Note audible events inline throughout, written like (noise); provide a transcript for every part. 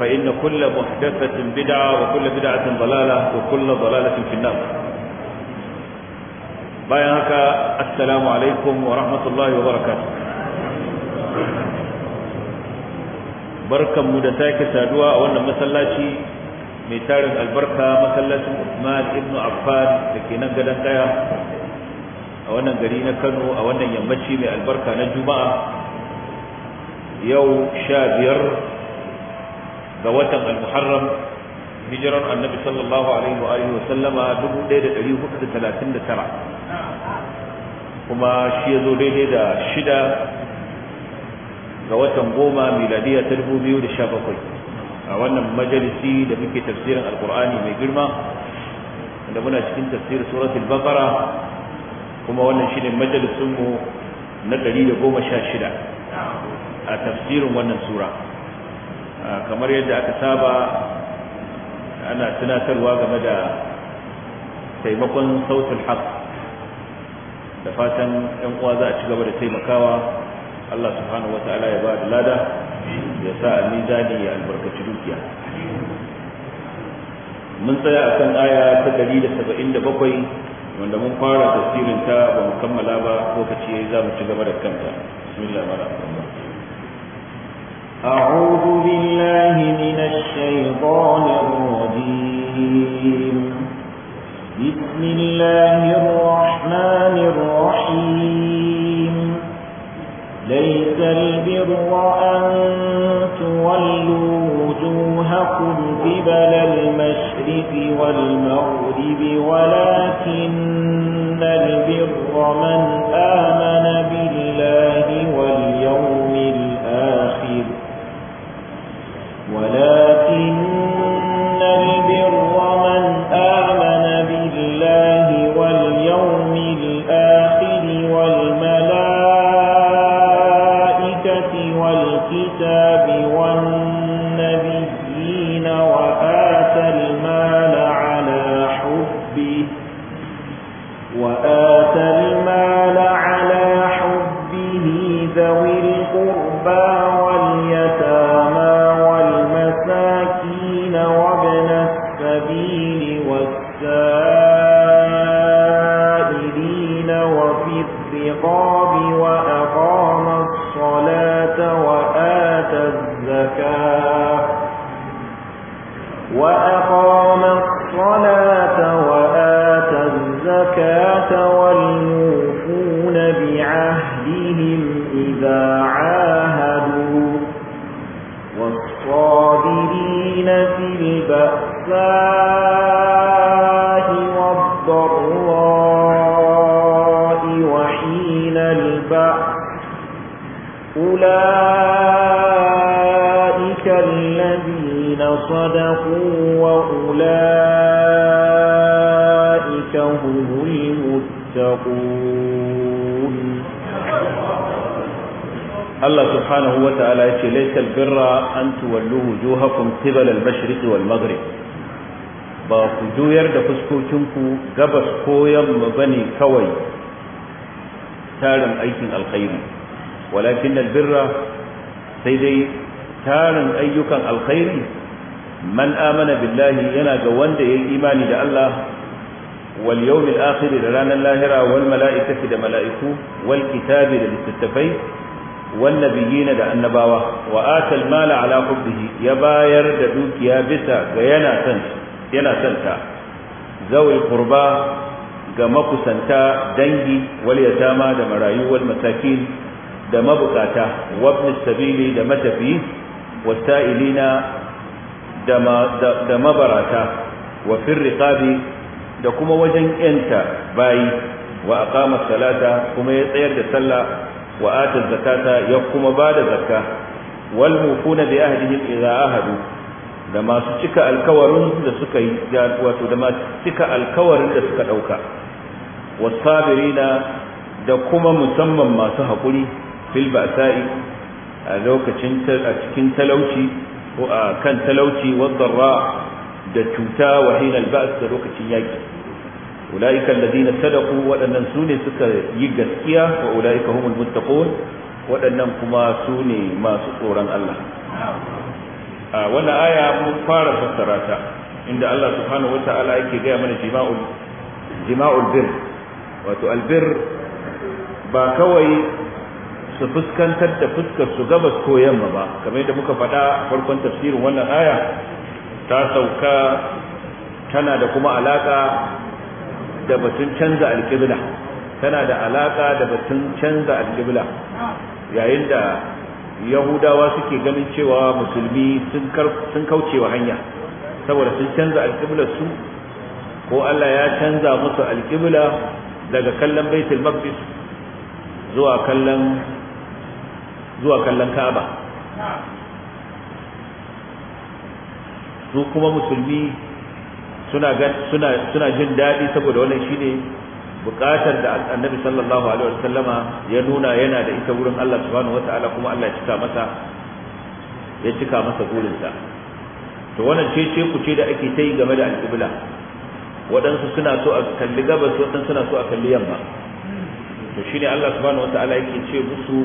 فإن كل محدثة بدعة وكل بدعة ضلالة وكل ضلالة في النار bayan haka asalamu alaikum wa rahmatullahi wa barkan barkanmu da sake saduwa a wannan masallaci mai tarin albarka masallacin Usman inu Affan da ke nan gadon daya a wannan gari na Kano a wannan yammaci mai albarka na Juma'a yau sha biyar ga watan al-muharram hijiran annabi sallallahu alaihi wa alihi wa sallama 1439 kuma shi yazo daidai da shida ga watan goma miladiya ta 2017 a wannan majalisi da muke tafsirin alkur'ani mai girma da muna cikin tafsir suratul baqara kuma wannan shine majalisin mu na 116 a tafsirin wannan sura kamar yadda aka saba ana tunatarwa game da taimakon sautin haq da fatan yan uwa za a ci gaba da taimakawa Allah subhanahu ta'ala ya ba da lada ya sa a mizani ya albarkaci dukiya mun tsaya a kan aya ta da da saba'in bakwai wanda mun fara tasirin ta ba mu kammala ba lokaci yi za mu ci gaba da kanta bismillah أعوذ بالله من الشيطان الرجيم بسم الله الرحمن الرحيم ليس البر أن تولوا وجوهكم قبل المشرق والمغرب ولكن البر من آمن ولا laysa albirra an tuwallu wujuhakum qibala al-mashriq wal ba ku juyar da fuskokinku gabas ko yamma bane kawai tarin aikin alkhairi walakin albirra sai dai tarin ayyukan alkhairi man amana billahi yana ga wanda yayi imani da Allah wal yawmil akhir da ranar lahira wal mala'ikati da mala'iku wal kitabi da littattafai والنبيين da annabawa wa atal mala ala hubbihi ya bayar da dukiya bisa ga yana san yana ga makusanta dangi wal ma da marayuwar wal masakin da mabukata wabn sabili da matafi wasa'ilina da da mabarata wa fir riqabi da kuma wajen yanta bayi wa aqama salata kuma ya tsayar da sallah wa ata zakata ya kuma ba da zakka wal mufuna bi ahdihim idza ahadu da masu cika alkawarin da suka yi wato da masu cika alkawarin da suka dauka wasabirina da kuma musamman masu hakuri fil ba'sa'i a lokacin a cikin talauci ko a kan talauci wa da cuta wa hinal ba's da lokacin yaki أولئك الذين صدقوا وأن سوني سكا يجسكيا وأولئك هم المتقون وأن كما سوني ما سطورا الله آه وأنا آية مفارة فسراتا عند الله سبحانه وتعالى يكي جاء من جماع جماع البر وتو البر ba kawai su fuskantar da fuskar su gabas ko yamma ba kamar yadda muka faɗa a farkon tafsirin wannan aya ta sauka tana da kuma alaka da batun canza alƙibla tana da alaƙa da batun canza alƙibla yayin da yahudawa suke ganin cewa musulmi sun kauce wa hanya saboda sun canza alƙiblar su ko Allah ya canza musu alƙibla daga kallon baitul maqdis zuwa kallon zuwa kallon Ka'aba su kuma musulmi suna suna suna jin daɗi saboda wannan ne buƙatar da annabi sallallahu alaihi wasallama ya nuna yana da ita wurin Allah subhanahu wataala kuma Allah cika masa ya cika masa burinsa to wannan ce ce ku ce da ake ta yi game da alƙibla waɗansu suna so a kalli gabas waɗansu suna so a kalli yamma to shi ne Allah subhanahu wataala yake ce musu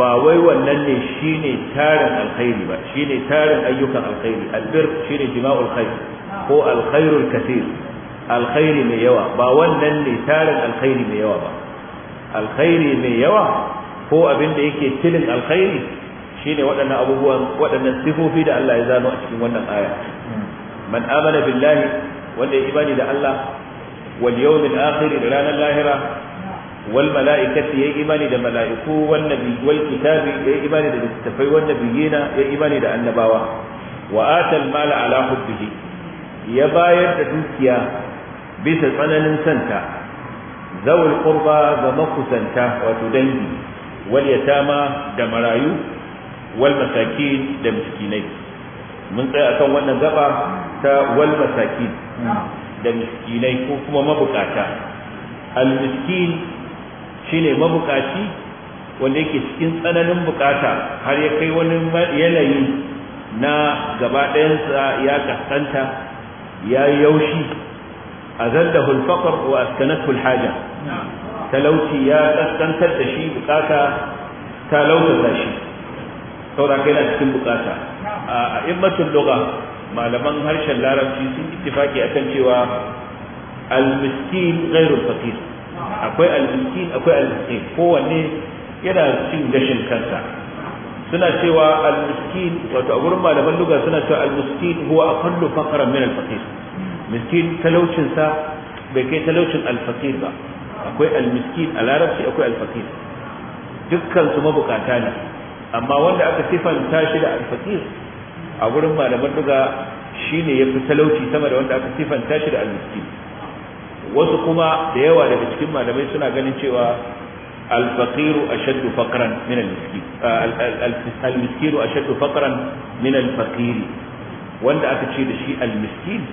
ba wai wannan ne shi ne tarin alkhairi ba shi ne tarin ayyukan alkhairi albir ne jima'ul khair ko alkhairul kathir alkhairi mai yawa ba wannan ne tarin alkhairi mai yawa ba alkhairi mai yawa ko abin da yake tilin alkhairi shine waɗannan abubuwan waɗannan sifofi da Allah ya zano a cikin wannan aya man amana billahi wanda ya imani da Allah wal yawmil akhir da ranar lahira wal mala'ikati ya imani da mala'iku wan nabi wal kitabi ya imani da littafai wan nabiyina ya imani da annabawa wa atal mala ala hubbihi ya bayar da dukiya bisa tsananin santa zawul qurba ga makusanta wato dangi wal yatama da marayu wal masakin da miskinai mun tsaya akan wannan gaba ta wal masakin da miskinai ko kuma mabukata al miskin shine mabukaci wanda yake cikin tsananin bukata har ya kai wani yanayi na gaba ɗayansa ya kaskanta ya yi yaushi a zaddahu al wa askanathu haja talauci ya kaskantar da shi bukata ta lautata shi saboda kai na cikin bukata a immatul lugha malaman harshen larabci sun ittifaki akan cewa al-miskin ghairul faqir akwai al-miskin akwai al-miskin kowanne yana cin gashin kansa suna cewa al-miskin wato a gurin malaman luga suna cewa al-miskin huwa aqallu faqran min al-faqir miskin talaucin sa bai kai talaucin al-faqir ba akwai al-miskin a larabci akwai al-faqir dukkan su mabukata ne amma wanda aka sifanta shi da al-faqir a gurin malaman luga shine yafi talauci sama da wanda aka sifanta shi da al-miskin wasu kuma da yawa daga cikin malamai suna ganin cewa الفقير أشد فقرا من المسكين المسكين أشد فقرا من الفقير wanda aka ce da shi almiskin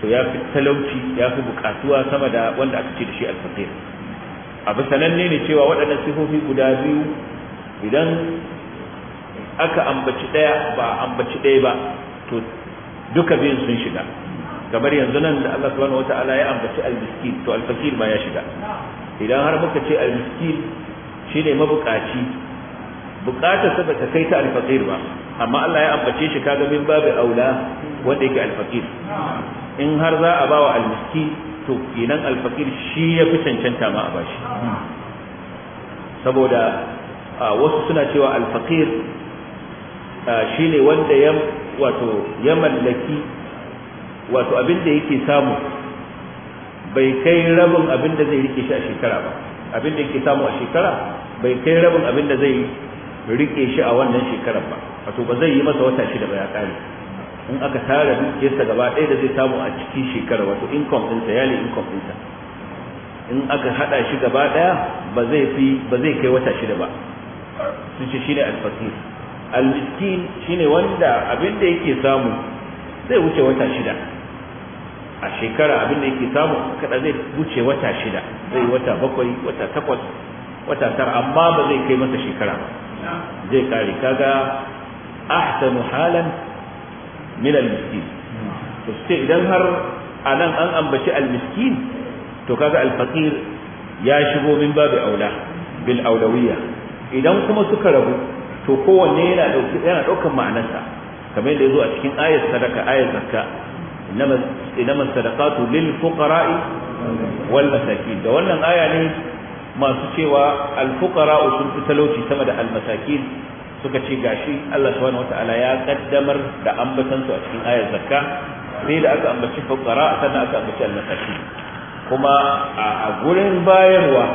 to ya fi talauci ya fi bukatuwa sama da wanda aka ce da shi alfaqir abu sananne ne cewa waɗannan sifofi guda biyu idan aka ambaci ɗaya ba ambaci ɗaya ba to duka biyun sun shiga kamar yanzu nan da Allah subhanahu ya ambaci almiskin to alfaqir ma ya shiga idan har muka ce al-miskin shine mabukaci bukatar sa bata kai ta al-faqir ba amma Allah ya ambace shi kaga min babu aula wanda yake al-faqir in har za a bawa al-miskin to kenan al-faqir shi ya fi cancanta ma a bashi saboda wasu suna cewa al-faqir shine wanda ya wato ya mallaki wato abin da yake samu bai kai rabin abin da zai rike shi a shekara ba abin da yake samu a shekara bai kai rabin abin da zai rike shi a wannan shekarar ba wato ba zai yi masa wata shida ba ya kare in aka tara dukiyarsa gaba ɗaya da zai samu a cikin shekara wato income sa yali income sa in aka haɗa shi gaba ɗaya ba zai fi ba zai kai wata shida ba sun ce shine al-fakir al-miskin shine wanda abin da yake samu zai wuce wata shida a shekara abin da yake samu kada zai wuce wata shida zai wata bakwai wata takwas wata tara amma ba zai kai masa shekara ba zai kare kaga ahsanu halan min miskin to sai idan har anan an ambaci al-miskin, to kaga alfaqir ya shigo min babu aula bil aulawiyya idan kuma suka rabu to kowanne yana dauki yana daukan ma'anarsa kamar yadda yazo a cikin ayat sadaka ayat zakka inama sadaqatu lil fuqara'i wal masakin da wannan aya ne masu cewa al fuqara'u sun fi talauci sama da al masakin suka ce gashi Allah subhanahu wataala ya kaddamar da ambatan su a cikin ayar zakka sai da aka ambaci fuqara sannan aka ambaci al masakin kuma a gurin bayarwa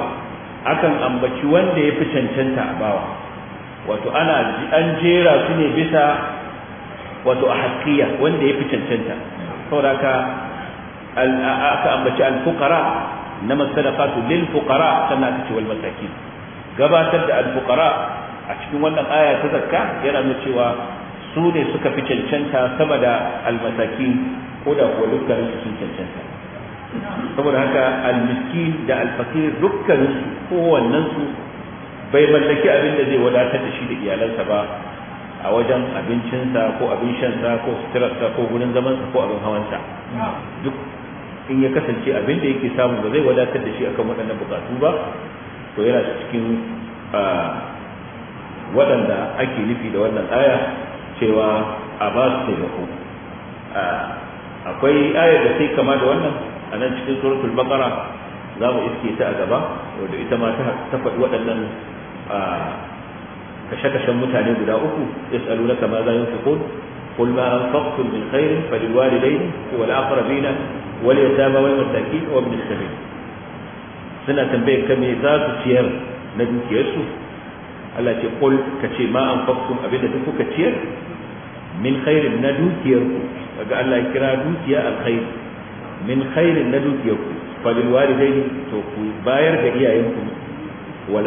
akan ambaci wanda ya fi cancanta a bawa wato ana an jera su ne bisa wato a haƙƙiya wanda ya fi cancanta saboda aka ambaci alfukara na masadaqatu lil fukara sannan aka ce wal masakin gabatar da alfukara a cikin wannan aya ta zakka yana nuna cewa su ne suka fi cancanta sama da al ko da kuwa dukkanin su cancanta saboda haka al da al dukkanin su kowannen su bai mallaki abin da zai wadatar da shi da iyalansa ba a wajen abincinsa ko abin shansa ko suturarsa ko gudun zamansa ko abin hawansa duk in ya kasance abin da yake samu ba zai wadatar da shi akan waɗannan bukatu ba to yana cikin waɗanda ake nufi da wannan aya cewa a ba su taimako akwai ayar da sai kama da wannan a nan cikin suratul bakara za mu iske ta a gaba wadda ita ma ta faɗi waɗannan kashe-kashen mutane guda uku ya tsaro na kama za yin fiko kul ma an fakku min khairin fadiwari dai wal aqrabina wal yatama wal mataki wa min sabil suna tambayar ka me za su ciyar na dukiyar Allah ce kul ka ce ma an fakku abin da kuka ciyar min khairin na dukiyar ku Allah kira dukiya alkhair min khairin na dukiyar ku fadiwari dai ku bayar ga iyayenku ku wal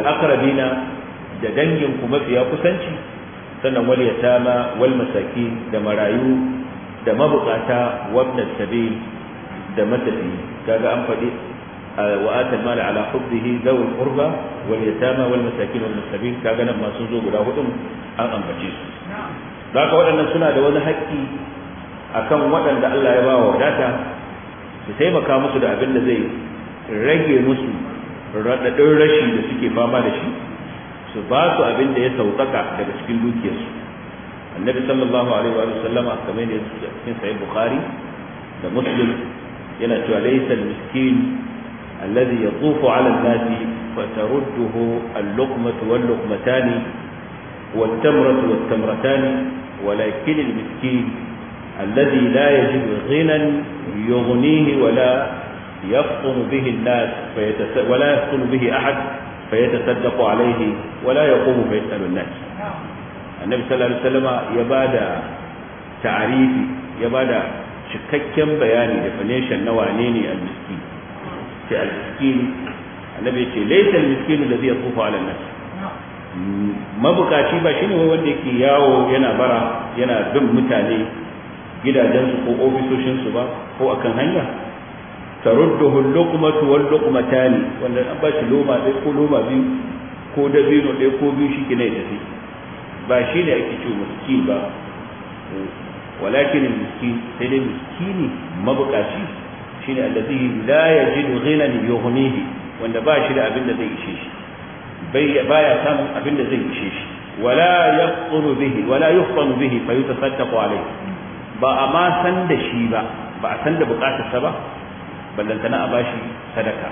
da dangin ku mafiya kusanci sannan wal yatama wal masakin da marayu da mabukata wabna sabil da matafi kaga an faɗi wa atal mala ala hubbihi zawul qurba wal yatama wal masakin wal sabil kaga nan masu sun zo guda hudu an ambace su zaka waɗannan suna da wani haƙƙi akan waɗanda Allah ya ba wa wadata su taimaka musu da abin da zai rage musu raɗaɗin rashi da suke fama da shi su ba su abin da ya sauƙaƙa daga cikin dukiyarsu annabi sallallahu alaihi wa sallam a kamar da cikin sahih bukhari da muslim yana cewa laysa al-miskin alladhi yatufu ala al nasi fa tarudduhu al-luqmatu wal-luqmatani والتمرة والتمرتان ولكن المسكين الذي لا يجد غنى يغنيه ولا يفطن به الناس ولا يفطن به أحد fa yatasaddaqu alaihi wa la yaqumu fa an-nas annabi sallallahu alaihi wasallam ya bada ta'arifi ya bada cikakken bayani definition na wane ne al-miskin sai al-miskin annabi ce laysa al-miskin alladhi yatufu ala an-nas mabukaci ba shine wanda yake yawo yana bara yana bin mutane gidajensu ko ofisoshinsu ba ko akan hanya tarudduhu luqmatu wal luqmatani wanda an ba shi loma ɗaya ko loma biyu ko dabino ko biyu shi kina ya tafi ba shi ne ake ce miskin ba walakin miskin sai dai miskini mabukaci shi ne allazi la yajidu ghinan yughnihi wanda ba shi da abin da zai ishe shi baya samun abin da zai ishe shi wala wala ba a ma san da shi ba ba a san da sa ba ballantana a bashi sadaka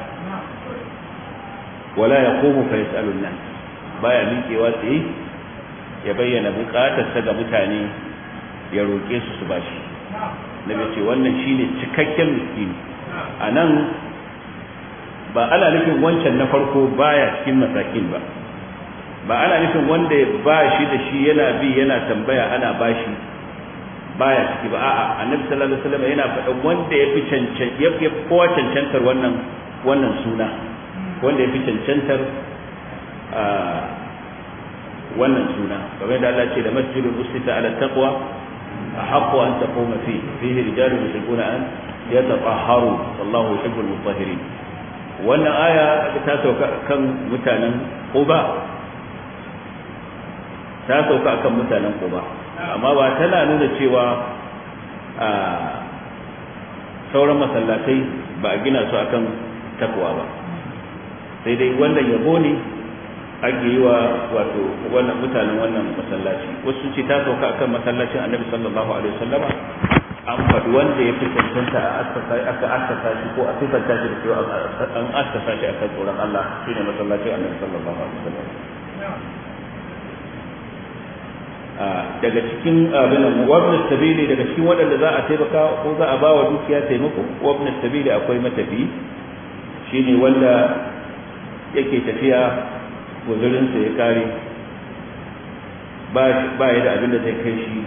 wala yaqumu fa yasalu nan. nas baya miƙewa tsaye ya bayyana buƙatarsa ga mutane ya roƙe su su bashi nabi ce wannan shine cikakken miskini anan ba ana nufin wancan na farko baya cikin masakin ba ba ana nufin wanda ba shi da shi yana bi yana tambaya ana bashi baya ciki ba a'a annabi sallallahu alaihi wasallam yana faɗan wanda yafi cancan yafi kowa cancantar wannan wannan suna wanda yafi cancantar wannan suna kamar da Allah ce da masjidul usita ala taqwa ahqqu an taquma fi fihi rijalun yuhibbuna an yatahharu wallahu yuhibbul mutahhirin wannan aya ta sauka kan mutanen Quba ta sauka akan mutanen Quba amma ba tana nuna cewa a sauran masallatai ba a gina su akan takwa ba sai dai wannan yabo ne ake yi wa wato wannan mutanen wannan masallaci wasu ce ta sauka akan masallacin annabi sallallahu alaihi wasallama an faɗi wanda ya fi cancanta a aka asasa shi ko a fanta shi da cewa an asasa shi akan tsoron Allah shine masallacin annabi sallallahu alaihi wasallama daga cikin uh, abin wabin sabili daga cikin waɗanda za a taimaka ko za a ba wa dukiya taimako wabin sabili akwai matafi shine wanda yake tafiya guzurinsa ya kare ba ya da abin da zai kai shi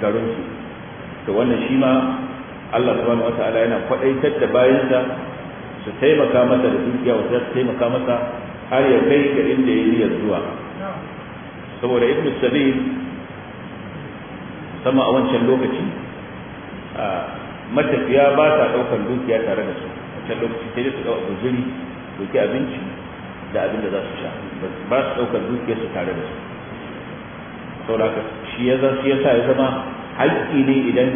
garinsu to wannan shi ma Allah subhanahu wata'ala yana kwaɗaitar da bayansa su taimaka masa da dukiya wata su taimaka masa har ya kai ga inda ya yi zuwa saboda ibn sabil sama a wancan lokaci matafiya ba ta ɗaukar dukiya tare da su A can lokaci sai su ɗau guzuri doki abinci da abin da za su sha ba su ɗaukar dukiya su tare da su saboda shi ya shi ya sa ya zama haƙƙi ne idan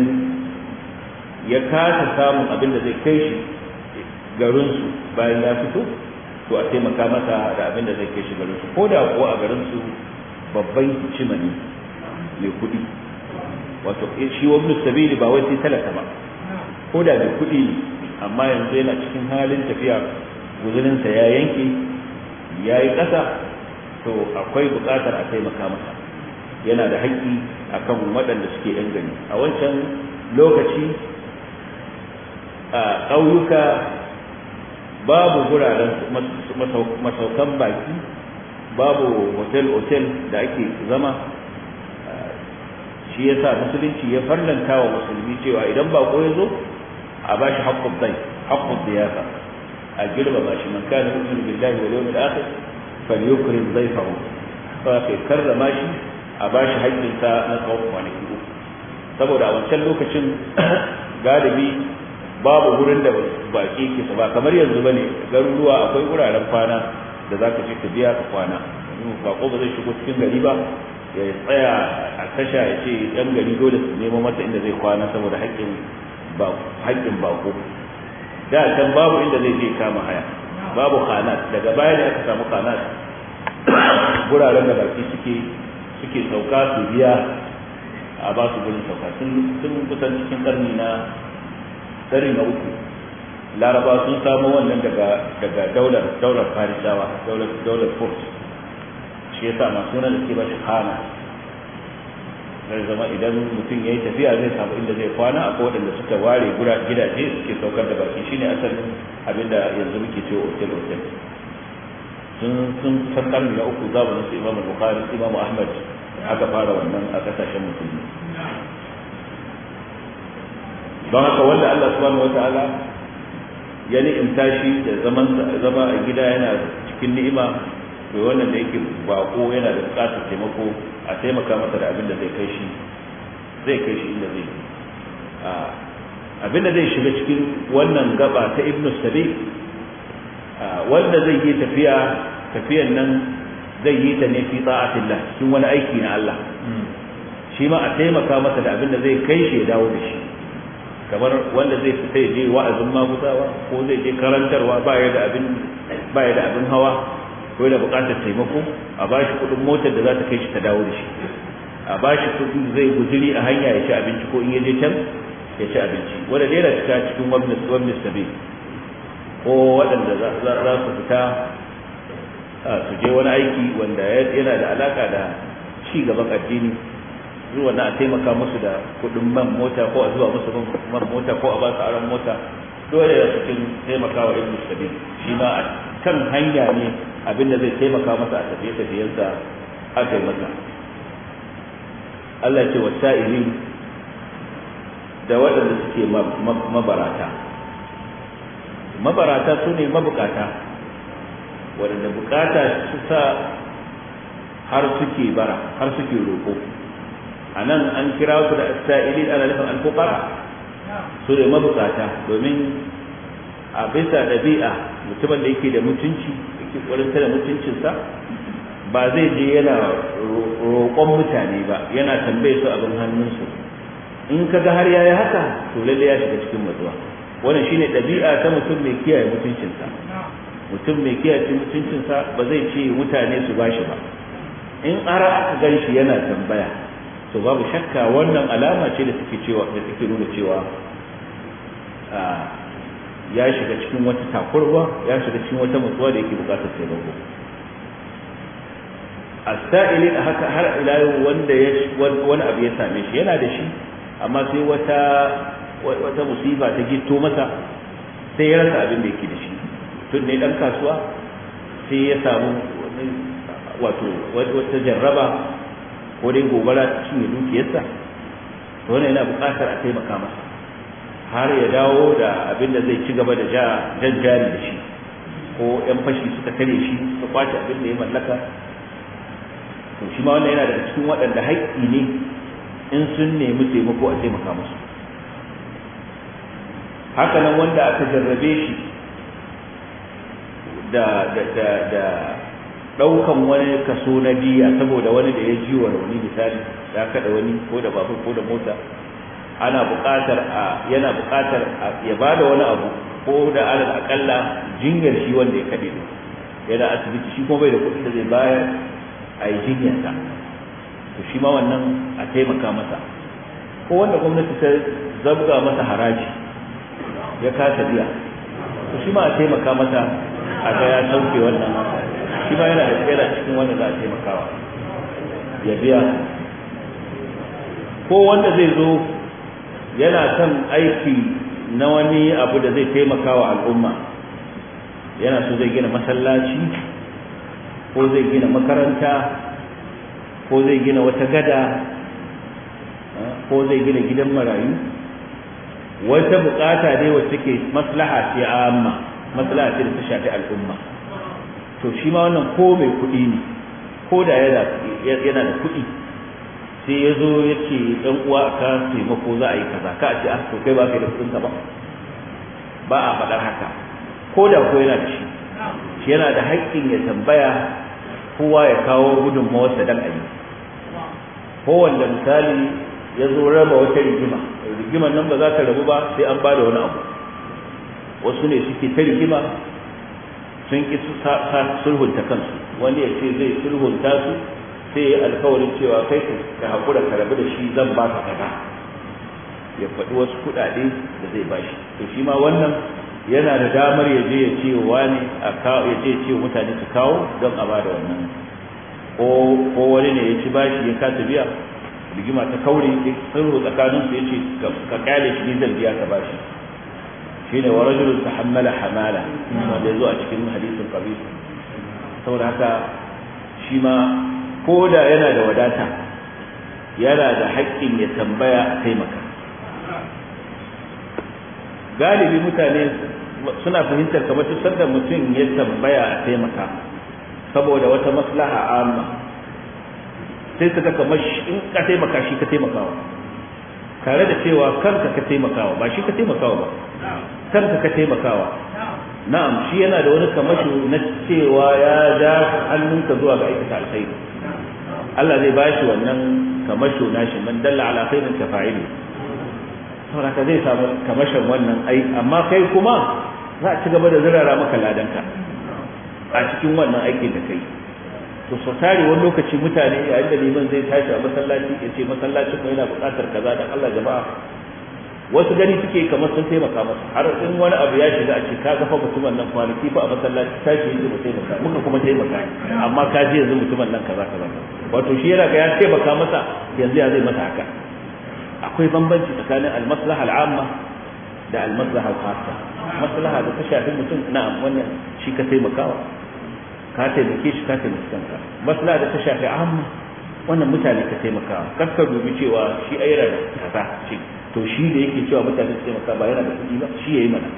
ya kasa samun abin da zai kai shi garinsu bayan ya fito to a taimaka masa da abin da zai kai shi garinsu ko da kuwa a garinsu babban cimani mai kuɗi wato eh, shi wa sabili ba wai sai talaka ba ko da mai kuɗi amma yanzu yana cikin halin tafiya guzurinsa ya yanke ya yi ƙasa to akwai buƙatar a taimaka masa yana da haƙƙi akan waɗanda suke yan gani a wancan lokaci a ƙauyuka babu guraren masaukan baki babu hotel hotel da ake zama shi yasa musulunci ya farlanta wa musulmi cewa idan ba ko yazo a ba shi haƙƙun dai haqqul diyafa a girba ba shi man kana yu'minu billahi wal yawmil akhir zai dayfahu fa ka karrama shi a ba shi sa na tsawon kwanaki uku saboda a wancan lokacin (coughs) galibi babu wurin da baki ke ba kamar yanzu bane garuruwa akwai wuraren kwana da za ka fi ka biya ka kwana bako ba zai shigo cikin gari ba ya tsaya a tasha ya ce yan gari dole su nemo masa inda zai kwana saboda haƙƙin bako da can babu inda zai je kama haya babu kana daga baya ne aka samu khanat guraren da baki suke suke sauka su biya a ba su gurin sauka sun kusan cikin karni na karni na uku laraba sun samo wannan daga daga daular daular farisawa daular daular kurs shi yasa ma sunan da ke ba shi hana zai zama idan mutum ya yi tafiya zai samu inda zai kwana a waɗanda suka ware gura gidaje suke saukar da baki shine asalin abinda yanzu muke cewa hotel hotel sun sun fakar na uku zamanin su imamu bukhari imamu ahmad aka fara wannan a kasashen musulmi don haka wanda allah subhanahu wa ta'ala ya ni'imta tashi da zaman zama a gida yana cikin ni'ima to wannan da yake bako yana da bukatar taimako a taimaka masa da abin da zai kai shi zai kai shi inda zai abin da zai shiga cikin wannan gaba ta ibnu sabi wanda zai yi tafiya tafiyan nan zai yi ta ne fi ta'atillah cikin wani aiki na Allah hmm. shi ma a taimaka masa da abin da zai kai shi ya dawo da shi kamar wanda zai fita ya je wa'azin maguzawa ko zai je karantarwa ba ya da abin da abin hawa ko da buƙatar taimako a ba shi kuɗin motar da za ta kai shi ta dawo da shi a ba shi zai guziri a hanya ya ci abinci ko in ya je can ya ci abinci wanda dai cika cikin wannan wabnis ko waɗanda za su fita su je wani aiki wanda yana da alaka da ci gaban addini zuwa na a taimaka musu da kuɗin man mota ko a zuwa musu man mota ko a basu aron mota dole da cikin taimaka wa ibnu sabil shi ma a kan hanya ne abinda zai taimaka masa a tafiye sa a kai masa Allah ce wa da waɗanda suke mabarata mabarata su ne mabukata waɗanda bukata su sa har suke bara har suke roƙo a nan an kira su da sa'ili ana nufin alfukara su da mabukata domin a bisa ɗabi'a mutumin da yake da mutunci yake ƙwarin da mutuncinsa ba zai je yana roƙon mutane ba yana tambaye su abin hannunsu in ka ga har yayi haka to lalle ya shiga cikin matsuwa wannan shine ɗabi'a ta mutum mai kiyaye mutuncinsa mutum mai kiyaye mutuncinsa ba zai ce mutane su bashi ba in ara aka gan shi yana tambaya to babu shakka wannan alama ce da take cewa da take nuna cewa ya shiga cikin wata takurwa ya shiga cikin wata mutuwa da yake bukatar taimako as-sa'ilin haka har ila wanda ya wani abu ya same shi yana da shi amma sai wata wata musiba ta gito masa sai ya rasa abin da yake da shi tun ne dan kasuwa sai ya samu wato wata jarraba ko dai gobara ta cinye dukiyarsa to wannan yana bukatar a taimaka masa har ya dawo da abin da zai ci gaba da jan jari da shi ko yan fashi suka tare shi su kwace abin da ya mallaka to shi ma wannan yana daga cikin waɗanda haƙƙi ne in sun nemi taimako a taimaka musu haka nan wanda aka jarrabe shi da da da da daukan wani kaso na biya saboda wani da ya ji wa rauni misali ya kada wani ko da babur ko da mota ana buƙatar a yana buƙatar ya bada wani abu ko da alal akalla jinyar shi wanda ya kade ne yana asibiti shi kuma bai da kuɗin da zai bayar a yi jinyarsa to shi ma wannan a taimaka masa ko wanda gwamnati ta zabga masa haraji ya kasa biya to shi ma a taimaka masa a ga ya sauke wannan shi ma yana da yana cikin wanda za a taimakawa ya biya ko wanda zai zo yana son aiki na wani abu da zai taimakawa al'umma yana so zai gina masallaci ko zai gina makaranta ko zai gina wata gada ko zai gina gidan marayu wata bukata dai wacce ke maslaha ce amma maslaha ce da ta shafi al'umma to shi ma wannan ko mai kuɗi ne ko da yana da kuɗi sai ya zo ya ce ɗan uwa a kan taimako za a yi kaza ka a ce a ah, to kai ba kai da kuɗin ba ba a faɗar haka ko da ko yana da shi shi yana da haƙƙin ya tambaya kowa ya kawo sa dan ayi kowanne misali ya zo raba wata rigima rigiman nan ba za ta rabu ba sai an ba da wani abu wasu ne suke ta rigima sun ki sulhunta kansu wani ya ce zai sulhunta su sai ya alkawarin cewa kai ka haƙura ka rabu da shi zan ba ka kaza ya faɗi wasu kuɗaɗe da zai ba shi to shi ma wannan yana da damar ya je ya ce ne a ya ya ce mutane su kawo don a ba da wannan ko wani ne ya ci ba shi ya kasa biya rigima ta kaure sulhu tsakaninsu ya ce ka kyale shi ni zan biya ka shi. shine wa rajulun tahammala hamala wanda yazo a cikin hadisin qabih saboda haka shi ma koda yana da wadata yana da haƙƙin ya tambaya a taimaka galibi mutane suna fahimtar kamar duk sanda mutum ya tambaya a taimaka saboda wata maslaha amma sai kaka mashi in ka taimaka shi ka taimakawa tare da cewa kanka ka taimakawa ba shi ka taimakawa ba kanka ka taimakawa na'am shi yana da wani kamashi na cewa ya ja hannunka zuwa ga aikata alkhairi Allah zai bashi wannan kamasho nashi man dalla ala khairin tafa'ilu saboda ka zai samu kamashin wannan ai amma kai kuma za a ci gaba da zirara maka ladanka a cikin wannan aikin da kai to so tare wani lokaci mutane yayin da liman zai tashi a masallaci ya ce masallacin yana buƙatar kaza dan Allah jama'a wasu gani suke kamar sun taimaka masa har in wani abu ya shiga a ce ka gafa mutumin nan kwanaki fa a masallaci ta ce yanzu mu taimaka muka kuma taimaka amma ka ji yanzu mutumin nan kaza kaza wato shi yana ga ya taimaka masa yanzu ya zai mata haka akwai bambanci tsakanin almaslaha al'amma da almaslaha al-khassa maslaha da ta shafi mutum na wannan shi ka taimakawa ka taimake shi ka taimaki kanka maslaha da ta shafi amma wannan mutane ka taimakawa kar ka dubi cewa shi ayyana kaza ce to shi da yake cewa mutane su taimaka ba yana da kuɗi ba shi ya yi mana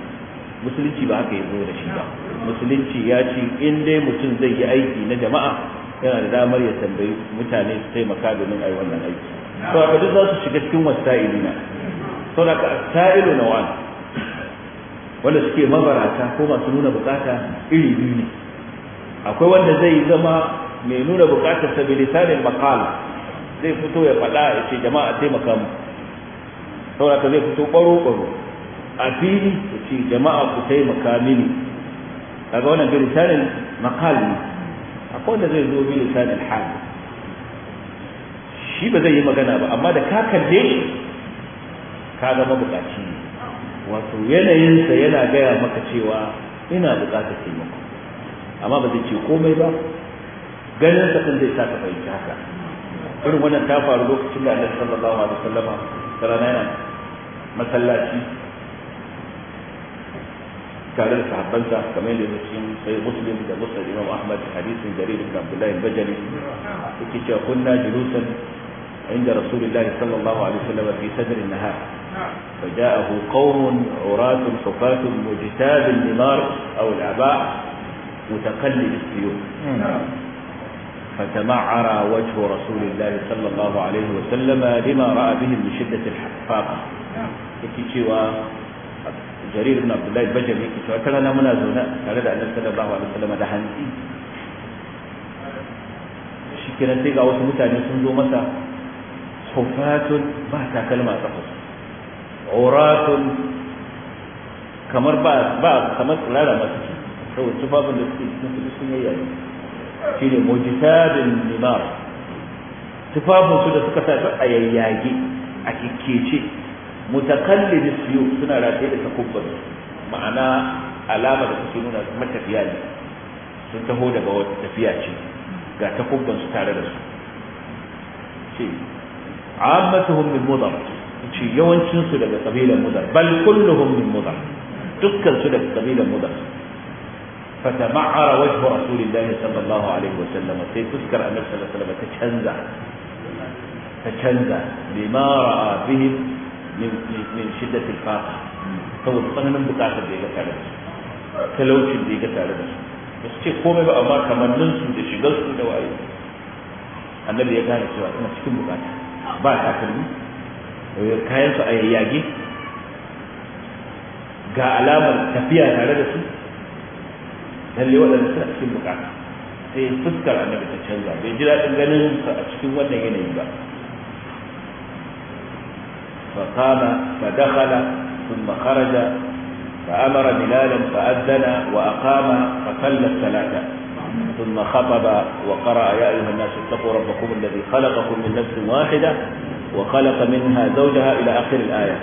musulunci ba haka ya zo da shi ba musulunci ya ce in dai mutum zai yi aiki na jama'a yana da damar ya tambayi mutane su taimaka domin a yi wannan aiki to haka duk za su shiga cikin wasa'ilina to haka sa'ilu na wani wanda suke mabarata ko masu nuna bukata iri biyu ne akwai wanda zai zama mai nuna bukatar sa bilisanin makala zai fito ya faɗa ya ce jama'a taimaka mu saboda zai fito baro baro a fili ce jama'a ku taimaka mini kaga wannan bilisanin makali ne akwai wanda zai zo bilisanin hali shi ba zai yi magana ba amma da ka kalle shi ka buƙaci ne wato yanayinsa yana gaya maka cewa ina bukatar taimako amma ba zai ce komai ba ganin sa zai sa ka fahimci haka irin wannan ta faru lokacin da annabi sallallahu alaihi wasallama rana yana masallaci tare da sahabbansa kamar da cikin sai muslim da musa da imam ahmad hadisin jarir ibn abdullahi bajali yake cewa kunna julusan عند رسول الله صلى الله عليه وسلم في سدر النهار فجاءه قوم عراة حفاة مجتاب النمار أو العباء متقلب السيوف فتمعر وجه رسول الله صلى الله عليه وسلم لما رأى به من شدة الحفاقة yake cewa jarir ibn abdullahi bajar yake cewa ta rana muna zaune tare da annabi sallallahu alaihi wasallam da hanzi shi kira sai ga wasu mutane sun zo masa tsofatun ba takalma a kafa auratun kamar ba ba kamar tsirara masu ci saboda tufafin da suke cikin su sun yayyaye shi ne mujtadin nimar tufafin su da suka sa a yayyage a kikkece mutakallid siyo suna rataye da takubban ma'ana alama da suke nuna matafiya ne sun taho daga wata tafiya ce ga takubban su tare da su ce ammatuhum min mudar ce yawancin su daga kabilar mudar bal kulluhum min mudar dukkan su daga kabilar mudar فتمعر وجه رسول الله صلى الله عليه وسلم سي تذكر النبي صلى الله عليه وسلم ta canza. لما رأى بهم min shiddatil fata saboda tsananin bukatar da ya ga tare da su talaucin da ya ga tare da su ba su ce komai ba amma kamannin su da shigar su da waye annabi ya gane cewa suna cikin bukata ba ta takalmi kayan su a yayyage ga alamar tafiya tare da su lalle waɗanda suna cikin bukata sai fuskar annabi ta canza bai ji daɗin ganin su a cikin wannan yanayin ba فقام فدخل ثم خرج فأمر بلالا فأذن وأقام فصلى الثلاثة ثم خطب وقرأ يا أيها الناس اتقوا ربكم الذي خلقكم من نفس واحدة وخلق منها زوجها إلى آخر الآية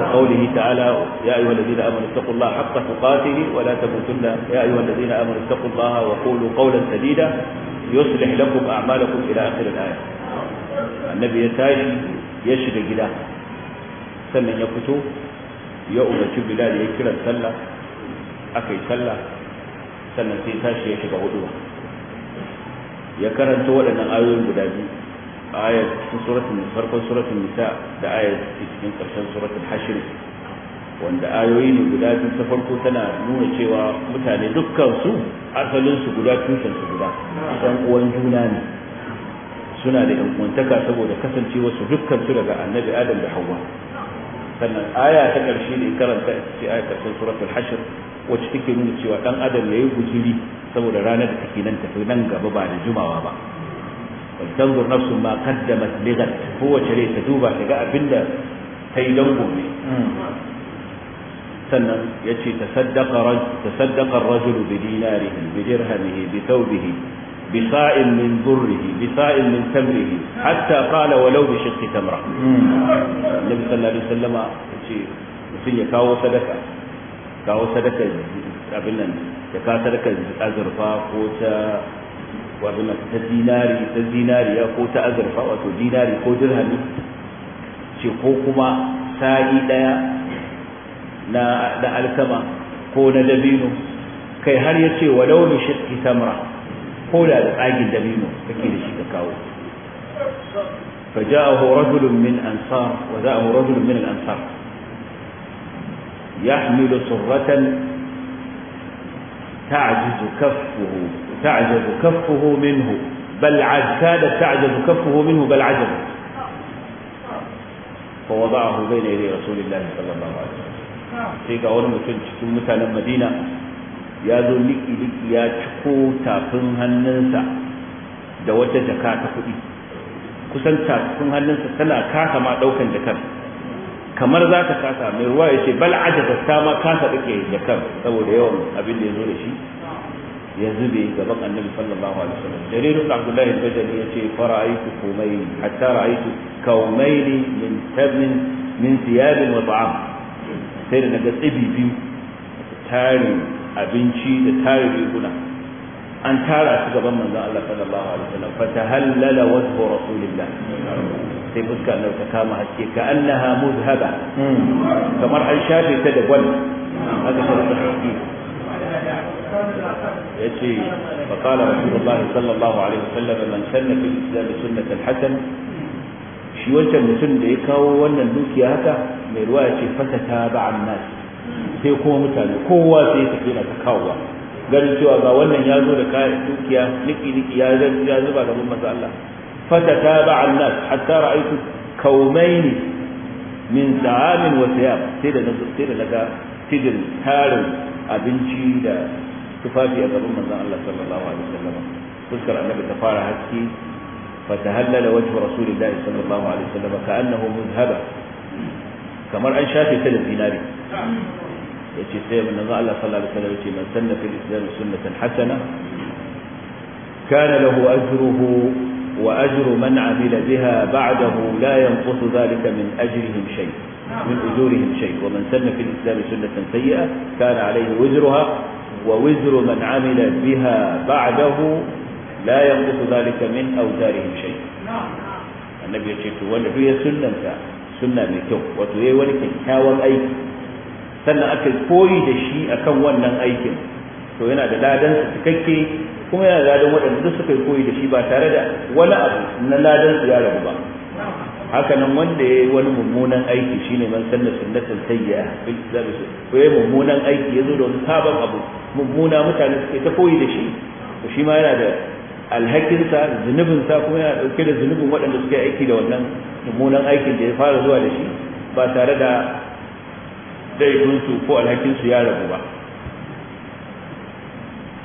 وقوله تعالى يا أيها الذين آمنوا اتقوا الله حق تقاته ولا تموتن يا أيها الذين آمنوا اتقوا الله وقولوا قولا سديدا يصلح لكم أعمالكم إلى آخر الآية النبي يتاج يشرق له sannan ya fito ya umarci bilal ya kiran sallah aka yi sallah sannan sai tashi ya shiga huduwa ya karanta waɗannan ayoyin guda biyu ayar cikin suratun farkon suratun nisa da ayar cikin ƙarshen suratun hashir wanda ayoyi ne guda biyu ta farko tana nuna cewa mutane dukkan dukkansu asalinsu guda su guda ɗan uwan juna ne suna da yankuntaka saboda kasancewa su dukkan su daga annabi adam da hawa sannan aya ta karshe ne karanta ce aya ƙarshen suratul hashr wacce take nuna cewa dan adam yayi gujiri saboda ranar da take nan tafi nan gaba ba da jumawa ba wal tanzur nafsun ma qaddamat lighat kowace rai ta duba ta ga abinda ta yi gobe sannan ya ce tasaddaqa rajulu bi dinarihi bi dirhamihi bi thawbihi بساء من ذره بساء من تمره حتى قال ولو بشق تمره النبي صلى الله عليه وسلم mutum ya kawo sadaka kawo sadaka abin nan ya kawo sadaka azurfa ko ta wato dinari ko ta azurfa wato dinari ko dirhami ce ko kuma sa'i ɗaya na alkama ko na dabino kai har ya ce ko da tsagin dabino kake da shi ka kawo فجاءه رجل من أنصار وجاءه رجل من الأنصار يحمل صرة تعجز كفه تعجز كفه منه بل كاد تعجز كفه منه بل عجز فوضعه بين يدي رسول الله صلى الله عليه وسلم sai ga wani mutum cikin mutanen madina ya zo liki-liki ya ci ɗauko tafin hannunsa da wata jaka ta kuɗi kusan tafin hannunsa tana kasa ma ɗaukan jakar kamar za ka kasa mai ruwa ya ce bal ajaza ta ma kasa ɗauke jakar saboda yawan abin da ya zo da shi ya zube gaban annabi sallallahu alaihi wasallam jarirun abdullahi al-bajali ya ce fara'aitu kumaini hatta ra'aitu kaumaini min tabin min thiyabin wa ta'am sai da naga tsibi biyu tarin abinci da tarin riguna an tara su gaban manzon Allah sallallahu alaihi wasallam fa tahallala wajhu rasulillah sai fuska Allah ta kama haske ka annaha muzhaba kamar an shafe ta da gwal aka fara ta haske yace fa qala rasulullah sallallahu alaihi wasallam man sanna fil islam sunnatan hasan shi wancan mutum da ya kawo wannan dukiya haka mai ruwa ya ce fata ta ba'an nas sai kuma mutane kowa sai ya tafi na ta kawowa ganin cewa ga wannan ya zo da kayan dukiya niki niki ya zai ya zuba gaban manzo Allah fata ta ba annas hatta ra'aytu kaumaini min sa'amin wa siyab sai da na sai da naga tidin tarin abinci da tufafi a gaban manzo Allah sallallahu alaihi wasallam fuskar annabi ta fara haske فتهلل وجه رسول الله صلى الله عليه وسلم كأنه مذهبة كما أن شافي ثلاث دينار yace sai manzo Allah sallallahu alaihi wasallam yace man sanna fil islam sunnatan hasana kana lahu ajruhu wa ajru man amila biha ba'dahu la yanqutu dhalika min ajrihim shay min ujurihim shay wa man sanna fil islam sunnatan sayyi'a kana alayhi wizruha wa wizru man amila biha ba'dahu la yanqutu dhalika min awzarihim shay annabi yace to wanda duk ya sunnanta sunna mai kyau wato yayi wani kyakkyawan aiki sannan aka koyi da shi akan wannan aikin to yana da ladan su cikakke kuma yana da ladan waɗanda duk suka koyi da shi ba tare da wani abu na ladan su ya rabu ba haka nan wanda ya yi wani mummunan aiki shine man sanna sunnatan sayyi'a bil zabi ko ya mummunan aiki yazo da wani sabon abu mummuna mutane suke ta koyi da shi to shi ma yana da alhakinsa zunubinsa kuma yana ɗauke da zunubin waɗanda suka yi aiki da wannan mummunan aikin da ya fara zuwa da shi ba tare da laifinsu ko alhakinsu ya rabu ba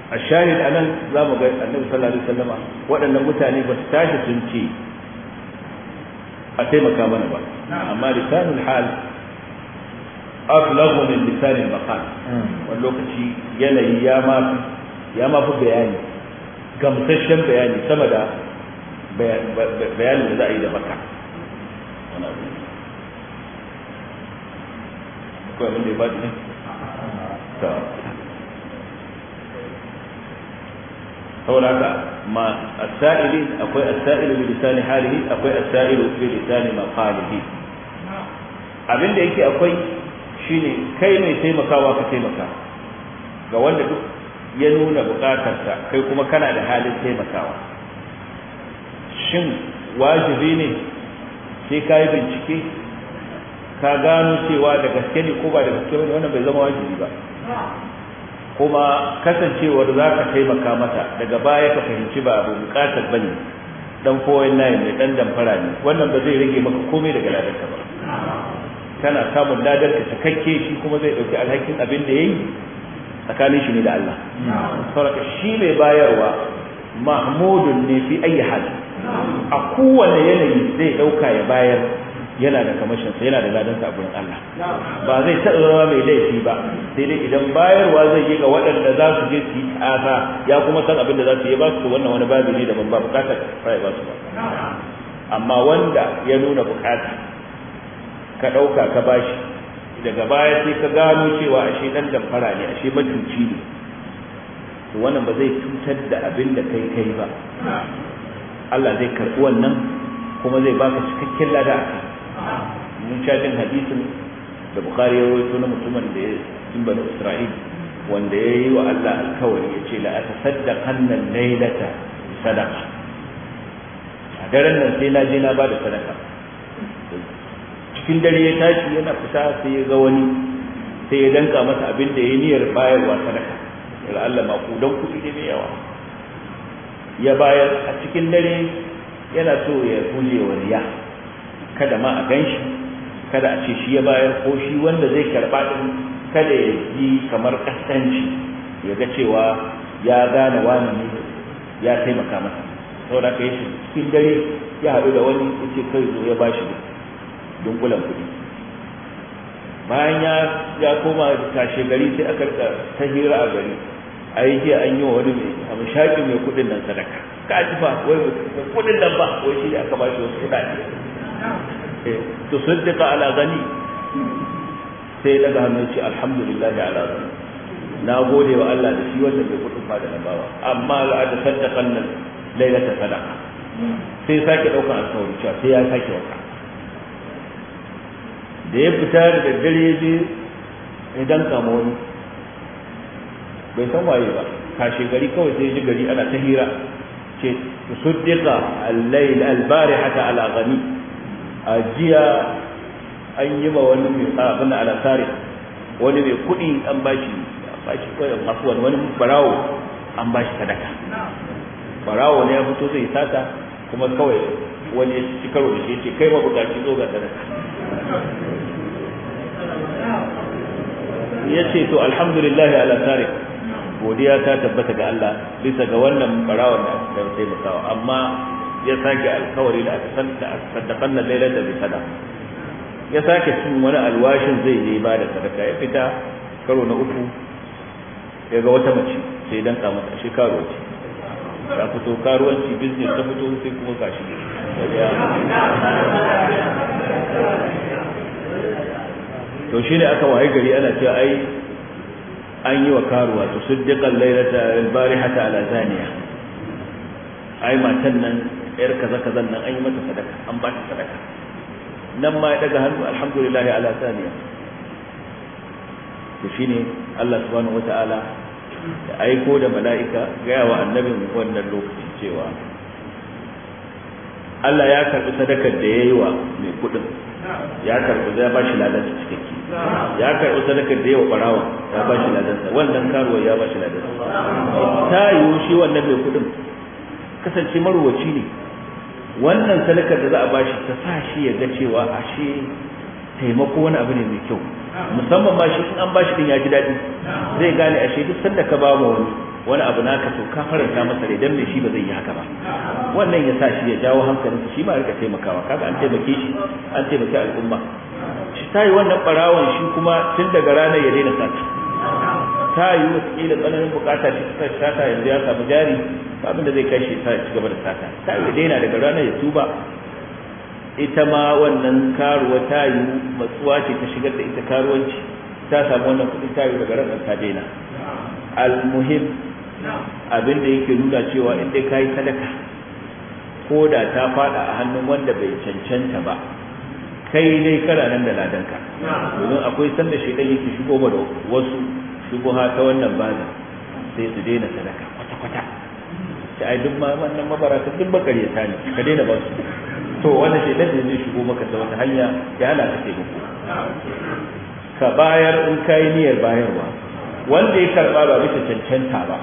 a shahid a nan za mu ga annabi sallallahu alaihi wasallama waɗannan mutane ba su tashi sun ce a taimaka mana ba amma lisanul hal ablagu min lisanil maqal wani lokaci yanayi ya ma ya ma fi bayani gamsasshen bayani sama da bayanin da za a yi da maka kawai abin da ya faɗi ne ta saboda haka ma as-sa'ili akwai a sailu bi lisani halihi akwai as-sa'ilu bi lisani maqalihi abin da yake akwai shine kai mai taimakawa ka taimaka ga wanda duk ya nuna bukatarsa kai kuma kana da halin taimakawa shin wajibi ne sai ka yi bincike ka gano cewa da gaske ne ko ba da gaske ne wannan bai zama wajibi ba kuma kasancewar za ka taimaka mata daga baya ka fahimci ba abu bukatar bane ne dan koyon nayin mai dan damfara ne wannan ba zai rage maka komai daga ladarka ba kana samun ladar ka cikakke shi kuma zai dauki alhakin abin da yayi tsakanin shi ne da Allah saboda shi mai bayarwa mahmudun ne fi ayi hal a kowane yanayi zai dauka ya bayar yana da kamashin sa yana da ladan sa gurin Allah ba zai taɓa zama mai laifi ba sai dai idan bayarwa zai yi ga waɗanda za su je su yi ya kuma san abin da za su yi ba su wannan wani babu ne daban ba bukatar sai ba su ba amma wanda ya nuna bukata ka ɗauka ka bashi daga baya sai ka gano cewa ashe dan damfara ne ashe matuci ne to wannan ba zai cutar da abin da kai kai ba Allah zai karɓi wannan kuma zai baka cikakken lada mun cajin hadisin da bukari ya roi na mutumin da ya zimba da isra'il wanda ya yi wa allah alkawari ya ce la aka nan lailata sadaka a daren nan sai na je na ba da sadaka cikin dare ya tashi yana fita sai ya ga wani sai ya danka masa abin da ya niyyar bayarwa sadaka ya la'alla ma ku don kuɗi ne yawa ya bayar a cikin dare yana so ya kuje wa riya kada ma a gan shi kada a ce shi ya bayar ko shi wanda zai karɓa ɗin kada ya yi kamar ƙasƙanci ya ga cewa ya gane wani ne ya taimaka masa saboda ka yi shi cikin dare ya haɗu da wani ya ce kai zo ya ba shi dunkulan kuɗi bayan ya koma tashe gari sai aka ta hira a gari a yi jiya an yi wa wani mai abu shaƙi mai kuɗin nan sadaka ka ji ba wai kuɗin nan ba wai shi aka bashi shi wasu kuɗaɗe tusaddiqa ala gani sai daga hannun ce alhamdulillah ala gani na gode wa Allah da shi wanda bai kudin fada da bawa amma la da saddaqa nan lailata sadaqa sai sake daukan alƙawari cewa sai ya sake wata da ya fita daga dare je idan kama wani bai san waye ba kashe gari kawai sai ji gari ana ta hira ce tusuddiqa al-layl al-barihata ala ghani a jiya an yi ma wani mai abin tare wani mai kuɗi an bashi bashi kawai masu wani barawo an bashi sadaka barawo ne ya fito zai sata kuma kawai wani ya ci karo da shi ce kai ma bukaci zo ga sadaka ya ce to alhamdulillah ala tare godiya ta tabbata ga Allah bisa ga wannan barawon da ta taimakawa amma ya sake alkawari da aka san da sadaqan da bisada ya sake cin wani alwashin zai je ba da sadaka ya fita karo na uku ya ga wata mace sai dan ka mata shi karo ce ta fito karuwanci business ta fito sai kuma kashi to shi ne aka waye gari ana cewa ai an yi wa karuwa to siddiqan laylata al-barihata ala zaniya ai matan nan yar kaza kaza nan an yi mata sadaka an ba ta sadaka nan ma ya daga hannu alhamdulillah ala saniya to shine Allah subhanahu wataala ya aiko da mala'ika gaya wa annabin wannan lokaci cewa Allah ya karbi sadakar da yayi wa mai kudin ya karbi ya shi ladan cikakke ya karbi sadakar da yayi wa barawa ya ba shi ladan wannan karuwa ya ba shi ladan ta yi shi wannan mai kudin kasance maruwaci ne wannan sadakar da za a bashi ta sa shi ya ga cewa ashe taimako wani abu ne mai kyau musamman ma shi an bashi din ya ji daɗi zai gane ashe duk sanda ka ba mu wani wani abu naka to ka faranta masa ne dan me shi ba zai yi haka ba wannan ya sa shi ya jawo hankalin shi ma rika taimakawa kaga an taimake shi an taimake al'umma shi tayi wannan barawon shi kuma tun daga ranar ya daina sata ta yi wata kila tsananin bukata ta ta sata yanzu ya samu jari ba da zai kai shi ta ci gaba da sata ta yi daina daga ranar ya tuba ita ma wannan karuwa ta yi matsuwa ce ta shigar da ita karuwanci ta samu wannan kuɗi ta yi daga ranar ta daina almuhim abin da yake nuna cewa inda ka yi sadaka ko da ta faɗa a hannun wanda bai cancanta ba kai dai kana nan da ladanka domin akwai sanda shi yake shigo da wasu shubuha ta wannan bada sai su daina sadaka kwata-kwata ta ai duk ma wannan mabarata duk makaryata ne ka daina ba su to wanda shi dan zai shigo maka ta wata hanya ya ka ce muku ka bayar in kai niyyar bayarwa wanda ya karba ba bisa cancanta ba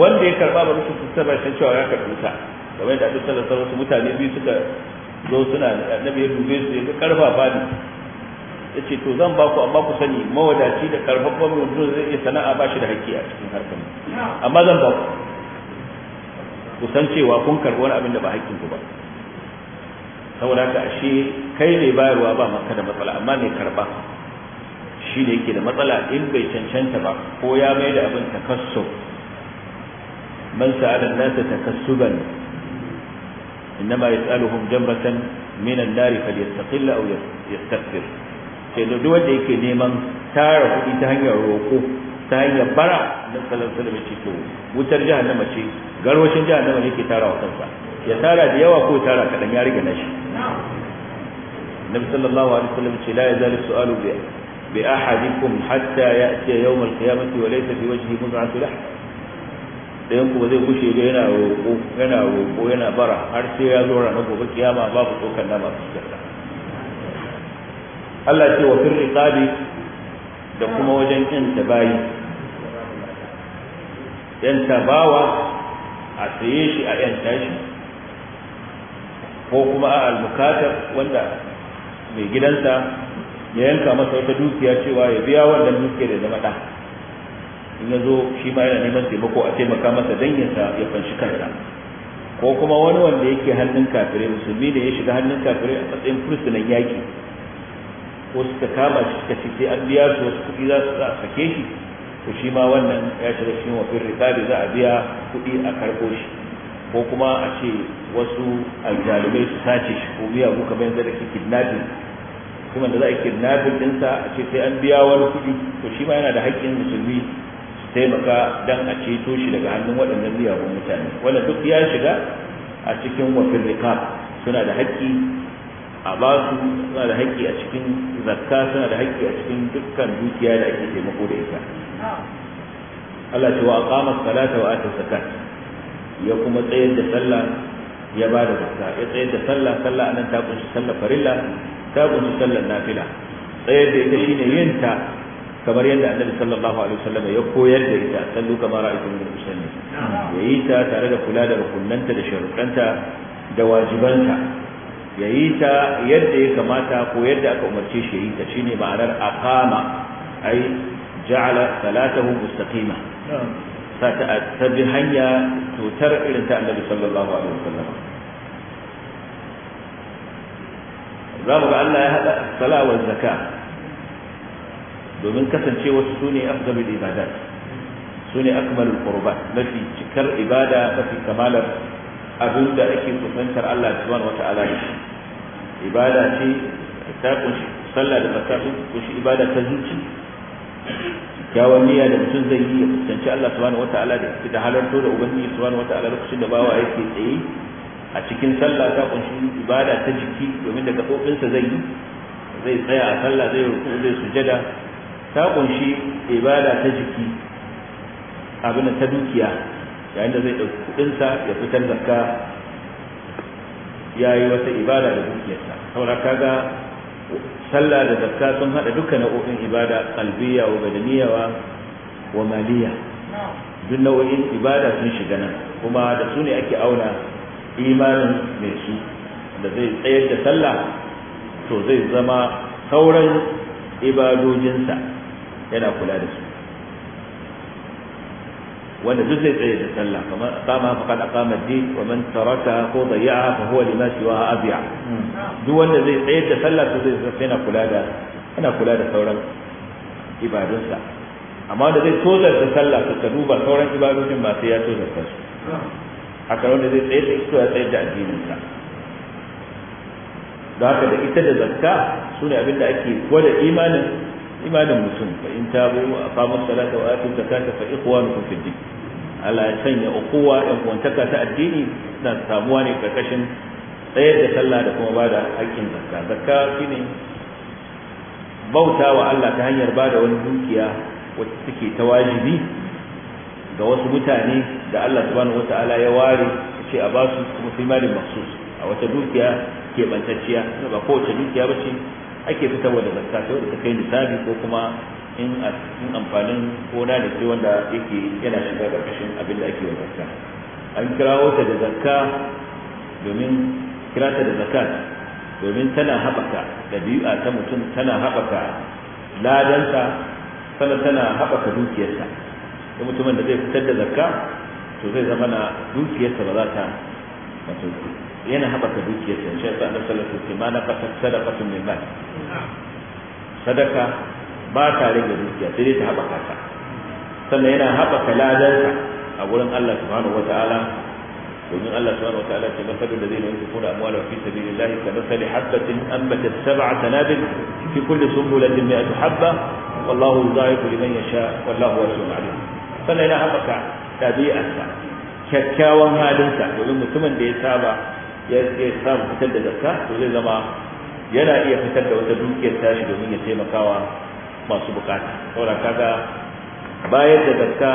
wanda ya karba ba bisa cancanta ba cewa ya karbi ta kamar da Allah sallallahu alaihi mutane biyu suka zo suna annabi ya dube su ya karfa ba ne yace to zan ba ku amma ku sani mawadaci da karfafan mutum zai iya sana'a ba shi da haƙƙi a cikin harkar amma zan ba ku ku san cewa kun karɓi wani abin da ba haƙƙin ku ba saboda haka ashe kai ne bayarwa ba maka da matsala amma mai karɓa shi ne yake da matsala in bai cancanta ba ko ya mai da abin takassu man sa'ala nasa takassuban innama yas'aluhum jamratan min an-nar aw yastakbir sai da wanda yake neman tara kuɗi ta hanyar roƙo ta hanyar bara na salasala mai ciki to wutar jahannama ce garwashin jahannama ne ke tara wa kansa ya tara da yawa ko tara kaɗan ya riga nashi nabi sallallahu alaihi wasallam ce la yazalu su'alu bi bi ahadikum hatta ya'ti yawm al-qiyamati wa laysa fi wajhi mud'atu lahm dayan ku ba zai kushe ga yana roƙo yana roƙo yana bara har sai ya zo ranar gobe kiyama babu tsokan nama Allah ce wa firri riqabi da kuma wajen yan tabayi yan tabawa a saye shi a yan tashi ko kuma a albukatar wanda mai gidansa ya yanka masa wata dukiya cewa ya biya wannan dukiyar da zama ɗan in ya zo shi ma yana neman taimako a taimaka masa danginsa ya fanshi kansa ko kuma wani wanda yake hannun kafirai musulmi da ya shiga hannun kafirai a matsayin fursunan yaki. wasu suka kama shi suka ce sai an biya su wasu kuɗi za su za a sake shi to shi ma wannan ya shiga cikin wafin rikabi za a biya kuɗi a karɓo shi ko kuma a ce wasu aljalumai su sace shi ko biya ko kamar yadda ake kidnapping kuma da za a kidnapping ɗinsa a ce sai an biya wani kuɗi to shi ma yana da haƙƙin musulmi su taimaka dan a ceto shi daga hannun waɗannan miyagun mutane wanda duk ya shiga a cikin wafin rikab suna da haƙƙi a ba su suna da haƙƙi a cikin zakka suna da haƙƙi a cikin dukkan dukiya da ake taimako da ita Allah ce wa aqama salata wa ata zakat ya kuma tsayar da sallah ya ba da zakka ya tsayar da sallah sallah anan ta kunshi sallah farilla ta kunshi sallah nafila tsayar da ita shine yin ta kamar yadda annabi sallallahu alaihi wasallam ya koyar da ita sallu kamar ra'aytu min musalli yayi ta tare da kula da rukunnanta da sharuɗanta da wajibanta ya yi ta yadda ya kamata ko yadda aka umarce shi yi ta shine ma'anar aqama ai ja'ala salatahu mustaqima sa ta bi hanya tutar irin ta annabi sallallahu alaihi wasallam za mu ga Allah ya hada sala wa zakka domin kasancewa su ne afdalul ibadat su ne akmalul qurbat mafi cikar ibada mafi kamalar abin da ake kusantar Allah subhanahu wata'ala da shi ibada ce ta kunshi sallah da zakka kunshi ibada ta zuci kyawun niyya da mutum zai yi ya fuskanci Allah subhanahu wata'ala da da halarto da ubangiji subhanahu wata'ala lokacin da bawa yake tsaye a cikin sallah ta kunshi ibada ta jiki domin daga gaɓoɓinsa zai yi zai tsaya a sallah zai ruku zai sujada ta kunshi ibada ta jiki abin ta dukiya yayin da zai ɗauki kuɗinsa ya fitar zakka ya yi wata ibada da dukiyarsa saboda kaga sallah da zakka sun hada dukkan nau'o'in ibada qalbiyya wa badaniya wa maliya duk nau'o'in ibada sun shiga nan kuma da su ne ake auna imanin mai su da zai tsayar da sallah to zai zama sauran ibadojinsa yana kula da su wanda duk zai tsaye da sallah kamar aqama faqad aqama ad-din wa man taraka ko daya'a fa huwa lima siwa abiya duk wanda zai tsaye da sallah to zai zai na kula da ana kula da sauran ibadunsa amma da zai tozar da sallah to ka duba sauran ibadun ba sai ya tozar da su haka wanda zai tsaye da ita ya tsaye da addininsa. da haka da ita da zakka sune abin da ake gwada imanin imanin mutum fa in tabu aqamu salata wa atu zakata fa ikhwanukum fid din Allah ya sanya ukuwa ɗan uwantaka ta addini na samuwa ne karkashin tsayar da sallah da kuma bada haƙƙin zakka zakka shine bauta wa Allah ta hanyar bada wani dukiya wacce take ta wajibi ga wasu mutane da Allah subhanahu wataala ya ware ce a basu kuma fi malin a wata dukiya ke bantacciya ba kowace dukiya ba ce ake fitarwa da zakka ta wadda ta kai nisabi ko kuma in amfanin gona da ke wanda yake yana shiga ƙarƙashin abin da ake wa zakka an kirawo ta da zakka domin kira ta da zakka domin tana haɓaka ɗabi'a ta mutum tana haɓaka ladanta sannan tana haɓaka dukiyarsa da mutumin da zai fitar da zakka to zai zama na dukiyarsa ba za ta wato yana haɓaka dukiyarsa shi sa annabi sallallahu alaihi wasallam ma na fasar sadaqatun min mal sadaka ba ta rage dukiya sai dai ta haɓaka ta sannan yana haɓaka ladarsa a wurin Allah subhanahu wataala domin Allah subhanahu wataala ce da zai nuna masalul ladina yunfiquna amwalahum fi sabilillahi kamathali habatin anbatat sab'a sanabil fi kulli sunbulatin mi'atu habba wallahu yudha'ifu liman yasha wallahu wasu 'alim sannan yana haɓaka ɗabi'arsa kyakkyawan halinsa domin mutumin da ya saba ya samu fitar da zakka to zai zama yana iya fitar da wata dukiyar tashi domin ya taimakawa masu bukata saboda kaga bayar da zakka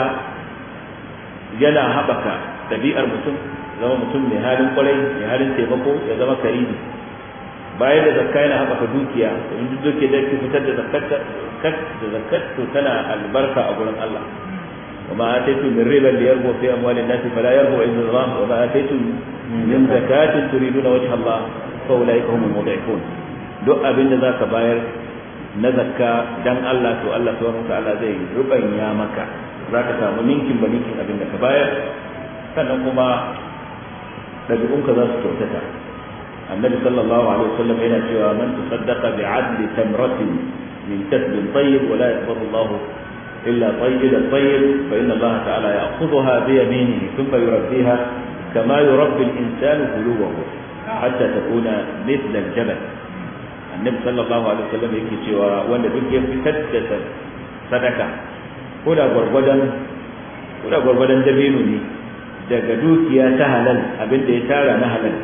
yana haɓaka ɗabi'ar mutum zama mutum mai halin kwarai mai halin taimako ya zama karibi bayan da zakka yana haɓaka dukiya in duk duk da ke fitar da zakkar to tana albarka a gurin Allah amma ma ataitu min riba li yarbu fi amwalin nasi fala yarbu illa Allah wa ma ataitu min zakatin turiduna wajha Allah fa ulaika humul mudhifun duk abin da zaka bayar na zakka dan Allah to Allah to subhanahu Allah zai rubanya maka zaka samu ninkin ba ninkin abin da ka bayar sannan kuma ɗabi'unka za su kyautata annabi sallallahu alaihi wasallam yana cewa man tasaddaqa bi adli tamratin min kasbin tayyib wa la yaqbalu Allah illa tayyiban tayyib fa inna Allah ta'ala ya'khudhuha bi yaminihi thumma yurabbiha kama yurabbi al-insanu qulubahu hatta takuna mithla al-jabal annabi sallallahu alaihi wasallam yake cewa wanda duk ya fitar da sadaka ko da gwargwadon ko da gwargwadon dabino ne daga dukiya ta halal abin da ya tara na halal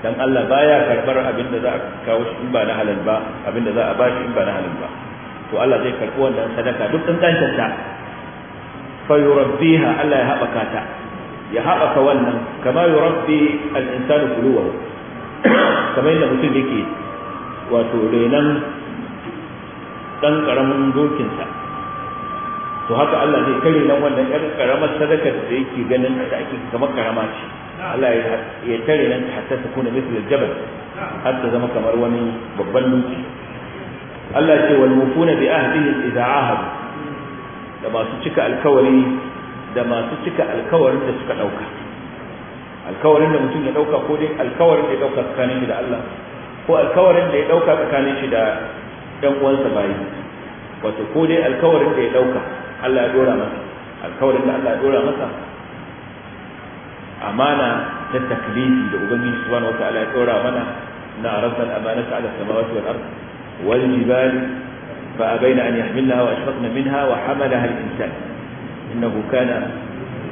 dan Allah baya karbar abin da za a kawo shi in ba na halal ba abin da za a bashi in ba na halal ba to Allah zai karbi wannan sadaka duk dan ta fa yurabbiha Allah ya habaka ta ya habaka wannan kama yurabbi al-insanu kuluwa kamar yadda mutum yake wato renon ɗan ƙaramin dokinsa to haka Allah zai kare nan wannan ƴar ƙaramar sadakar da yake ganin da ake kamar ƙarama ce Allah ya tare nan ta hatta ta kuna misal jabal har ta zama kamar wani babban doki Allah ce wal mufuna bi ahdihim idza ahadu da masu cika alkawari da masu cika alkawarin da suka dauka alkawarin da mutum ya dauka ko dai alkawarin da ya dauka tsakanin da Allah ko alkawarin da ya dauka tsakanin shi da ɗan uwansa bayi wato ko dai alkawarin da ya dauka Allah ya dora masa alkawarin da Allah ya dora masa amana ta taklifi da ubangiji subhanahu wataala ya dora mana na arabta al-amanata ala samawati wal ard wal jibal fa abaina an yahmilnaha wa ashfaqna minha wa hamalaha al-insan innahu kana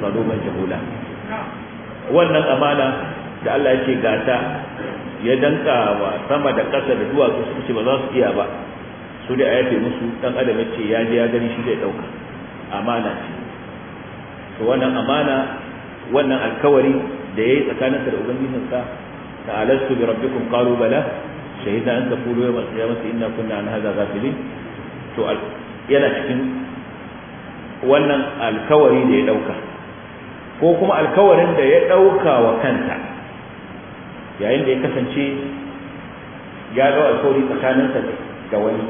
zaluman jahula wannan amana da Allah ya ce gata ya danka wa sama da ƙasa da duwatsu su ce ba za su iya ba su da ayafe musu ɗan adam ce ya je ya gani shi zai ɗauka amana ce to wannan amana wannan alkawari da ya yi tsakaninsa da ubangijinsa ta'alastu bi rabbikum qalu bala shahida an taqulu yawm al-qiyamati inna kunna an hadha ghafilin to yana cikin wannan alkawari da ya ɗauka. ko kuma alkawarin da ya dauka wa kanta yayin da ya kasance ya dau alkawari tsakaninsa da wani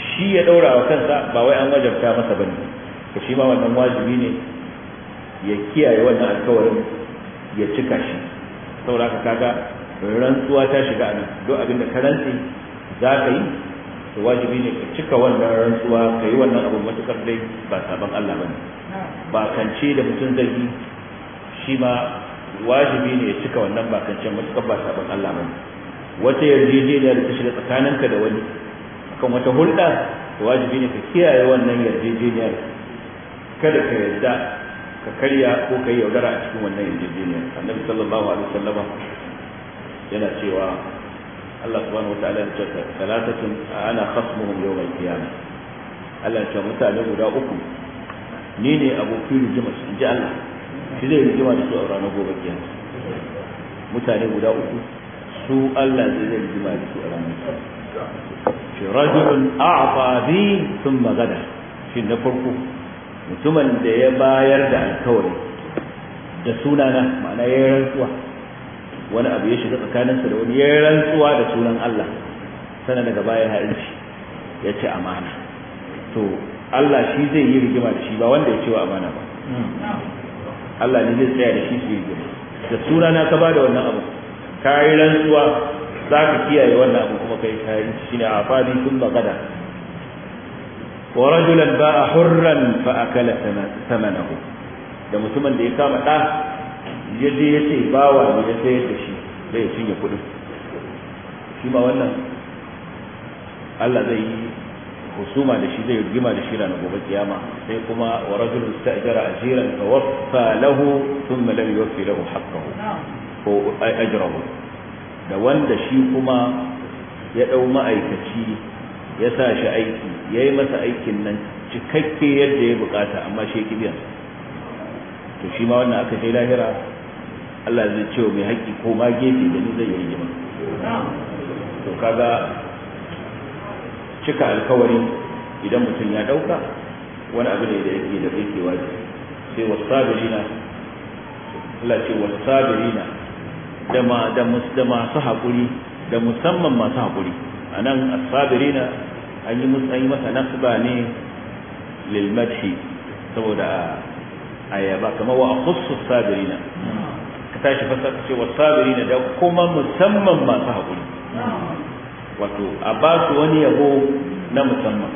shi ya daura wa kansa ba wai an wajabta masa bane to shi ma wannan wajibi ne ya kiyaye wannan alkawarin ya cika shi saboda ka kaga rantsuwa ta shiga a nan duk abin da ka rantsi za ka yi to wajibi ne ka cika wannan rantsuwa ka yi wannan abu matukar dai ba sabon Allah bane ba kance da mutum zai yi shi ma wajibi ne ya cika wannan bakancin matuƙar ba sabon Allah ba wata yarjejeniyar da ta shiga tsakaninka da wani kan wata hulɗa wajibi ne ka kiyaye wannan yarjejeniyar kada ka yarda ka karya ko ka yi yaudara a cikin wannan yarjejeniyar annabi sallallahu alaihi wasallam yana cewa Allah subhanahu wataala ya ce salatatun ana khasmuhum yawm al-qiyamah Allah ya ce mutane guda uku ni ne abokin rijimar in ji Allah shi zai rigima da su a ranar gobe kiyama mutane guda uku su Allah zai zai rigima da su a ranar shi rajulun a'ta sun magana. gada shi na farko mutumin da ya bayar da alkawari da sunana ma'ana ya yi rantsuwa wani abu ya shiga tsakaninsa da wani ya yi rantsuwa da sunan Allah sana daga baya ya ya ce amana to Allah shi zai yi rigima da shi ba wanda ya ce wa amana ba Allah ne zai tsaya da shi su yi gure da tura na ka bada wannan abu ka yi rantsuwa za ka kiyaye wannan abu kuma kai ka yi shi ne a fadi sun magana wa rajulan ba a hurran fa kala samanahu da mutumin da ya kama ɗa ya je ya ce bawa ne ya sayar da shi zai cinye kuɗin shi ma wannan Allah zai yi husuma da shi zai rigima da shi ranar gobe kiyama sai kuma wa rajul istajara ajiran fa waffa lahu thumma lam yuwaffi lahu haqqahu ko ajrahu da wanda shi kuma ya dau ma'aikaci ya sa shi aiki yayi masa aikin nan cikakke yadda ya bukata amma shi yake biyan to shi ma wannan aka sai lahira Allah zai ce mai haƙƙi ko ma gefe da ni zai yi rigima to kaga cika alkawari idan mutum ya dauka wani abu ne da yake da yake waje sai wasabirina Allah ce wasabirina da ma da da masu hakuri da musamman masu hakuri anan asabirina an yi musu an yi masa nasba ne lil madhi saboda ayaba kamar wa akhussu sabirina ka tashi fasaka ce wasabirina da kuma musamman masu hakuri wato a ba su wani yabo na musamman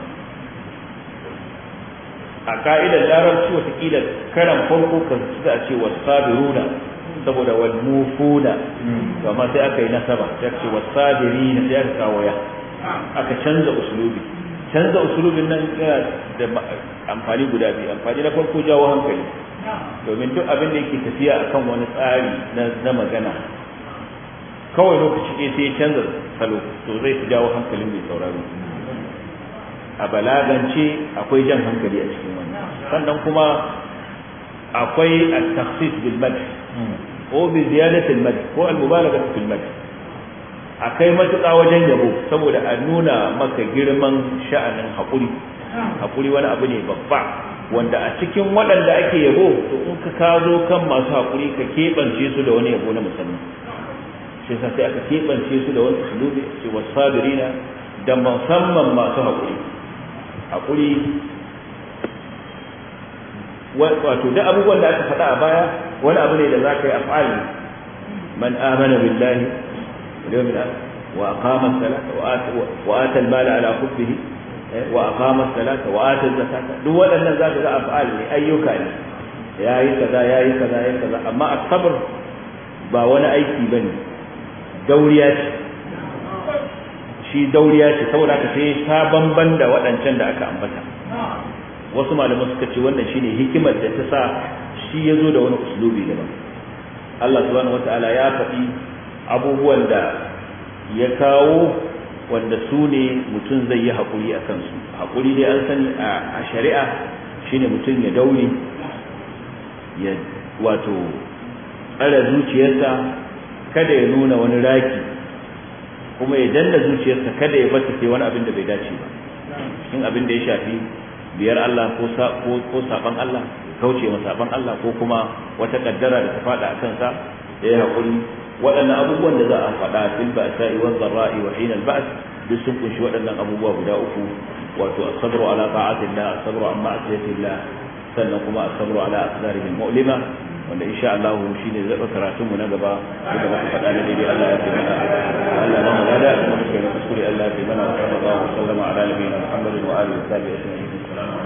a ka'idar larabci kila karan farko kan su a ce wasabiruna saboda wal mufuna to amma sai aka yi nasaba sai aka ce wasabirina sai aka kawo ya aka canza usulubi canza usulubin nan yana da amfani guda biyu amfani na farko jawo hankali domin duk abin da yake tafiya akan wani tsari na magana kawai lokaci ɗaya sai ya canza salo to zai fi jawo hankalin mai sauraro a balagance akwai jan hankali a cikin wannan sannan kuma akwai a takhsis bil ko bi ziyadati al ko al mubalaghati fil A akai matuƙa wajen yabo saboda a nuna maka girman sha'anin haƙuri haƙuri wani abu ne babba wanda a cikin waɗanda ake yabo to in ka kazo kan masu haƙuri ka keɓance su da wani yabo na musamman shi sai aka keɓance su da wani usulubi ce wasabirina da musamman masu haƙuri haƙuri wato da abubuwan da aka faɗa a baya wani abu ne da za ka yi af'al man amana billahi wal yawmil akhir wa aqama as-salata wa ata al-mala ala hubbihi eh, wa aqama as-salata wa ata zakata duk waɗannan za ka ga af'al ne ayyuka ne yayi kaza yayi kaza yayi kaza amma as-sabr ba wani aiki bane dauriya ce shi dauriya ce saboda ka sai ta banban da waɗancan da aka ambata wasu malaman suka ce wannan shine hikimar da ta sa shi ya zo da wani uslubi daban Allah subhanahu wataala ya faɗi abubuwan da ya kawo wanda su ne mutum zai yi haƙuri a kansu haƙuri dai an sani a shari'a shine mutum ya daure ya wato tsara zuciyarsa kada ya nuna wani raki kuma ya danna zuciyarsa kada ya bata sai wani abin da bai dace ba cikin abin da ya shafi biyar Allah ko ko saban Allah kauce wa saban Allah ko kuma wata kaddara da ta fada a kansa ya yi hakuri waɗannan abubuwan da za a faɗa fil yi wanzan ra'ayi wa hina ba'as duk sun kunshi waɗannan abubuwa guda uku wato as ala ta'atillah as an ma'siyatillah sannan kuma as-sabru ala aqdarihil mu'lima wanda insha Allah shi ne zaba karatun mu na gaba da muka faɗa na daidai Allah ya tabbata Allah ba mu lada da muka kai na kuskure Allah ya tabbata wa sallallahu alaihi wa sallama ala nabiyina Muhammadin wa alihi wa sahbihi